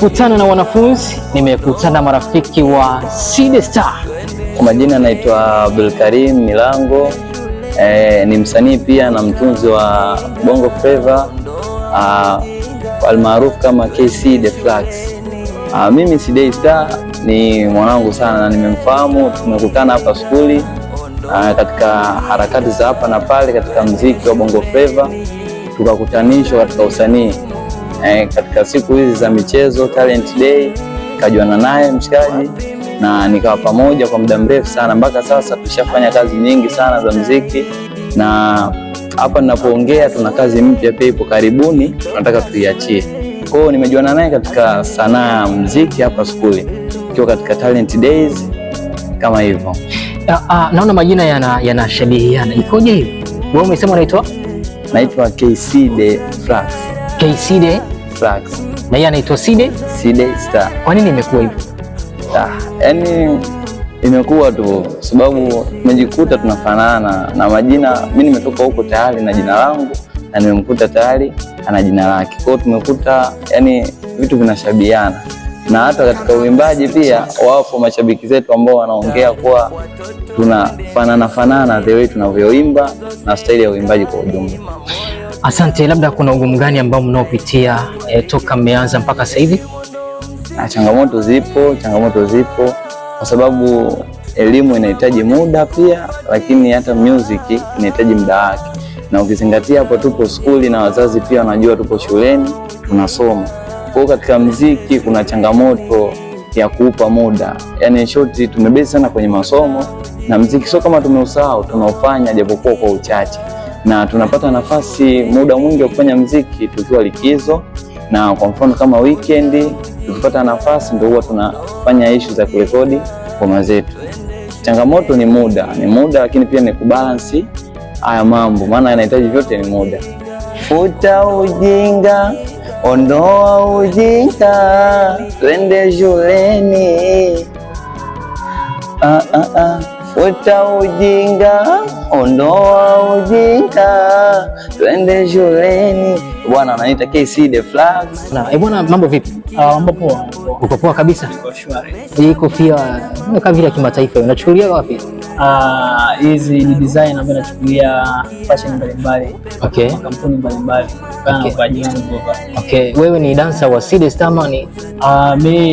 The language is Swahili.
kukutana na wanafunzi, nimekutana marafiki wa Side Star. Kwa majina naitwa Abdul Karim Milango. E, ni msanii pia na mtunzi wa Bongo Flava almaarufu kama KC The Flux. A, mimi Side Star ni mwanangu sana na nimemfahamu, tumekutana hapa skuli katika harakati za hapa na pale katika mziki wa Bongo Flava, tukakutanishwa katika usanii eh, katika siku hizi za michezo talent day, kajuana naye mshikaji na nikawa pamoja kwa muda mrefu sana, mpaka sasa tushafanya kazi nyingi sana za muziki, na hapa ninapoongea tuna kazi mpya pia ipo karibuni, tunataka tuiachie. Kwa hiyo nimejuana naye katika sanaa ya muziki hapa skuli, ikiwa katika talent days kama hivyo. Ah, ah, naona majina yanashabihiana, ikoje hivi? Wewe umesema unaitwa? Naitwa KC de France. KCD Flags. Na yeye anaitwa Side Side Star. Kwa nini imekuwa hivyo? Ah, yani imekuwa tu sababu tumejikuta tunafanana na majina. Mimi nimetoka huko tayari na jina langu na nimemkuta tayari ana jina lake. Kwa hiyo tumekuta yani vitu vinashabiana na hata katika uimbaji pia wapo mashabiki zetu ambao wanaongea kuwa tunafanana fanana the way tunavyoimba na staili ya uimbaji kwa ujumla. Asante. Labda kuna ugumu gani ambao mnaopitia e, toka mmeanza mpaka sasa hivi? Ah, changamoto zipo, changamoto zipo kwa sababu elimu inahitaji muda pia, lakini hata music inahitaji muda wake, na ukizingatia hapo tupo skuli na wazazi pia wanajua tupo shuleni tunasoma. Kwa hiyo katika mziki kuna changamoto ya kuupa muda, yani short tumebesi sana kwenye masomo na mziki, sio kama tumeusahau, tunaofanya japokuwa kwa uchache na tunapata nafasi muda mwingi wa kufanya mziki tukiwa likizo, na kwa mfano kama weekend tukipata nafasi ndio huwa tunafanya ishu za kurekodi ngoma zetu. Changamoto ni muda, ni muda, lakini pia ni kubalansi haya mambo, maana yanahitaji vyote, ni muda. Futa ujinga, ondoa ujinga, twende shuleni. ah, ah, ah. Wacha ujinga, ondoa ujinga, twende shuleni. Bwana anaita KC The Flags. Na eh, bwana mambo vipi? Ah, mambo poa. Uko poa kabisa? Niko shwari. Hii kofia ni kama vile kimataifa. Unachukulia wapi? Ah, hizi ni design ambazo nachukulia fashion mbalimbali. Okay. Kampuni mbalimbali. Okay. Kwa ajili yangu. Okay. Wewe ni dancer wa CD Stamani? Ah, mimi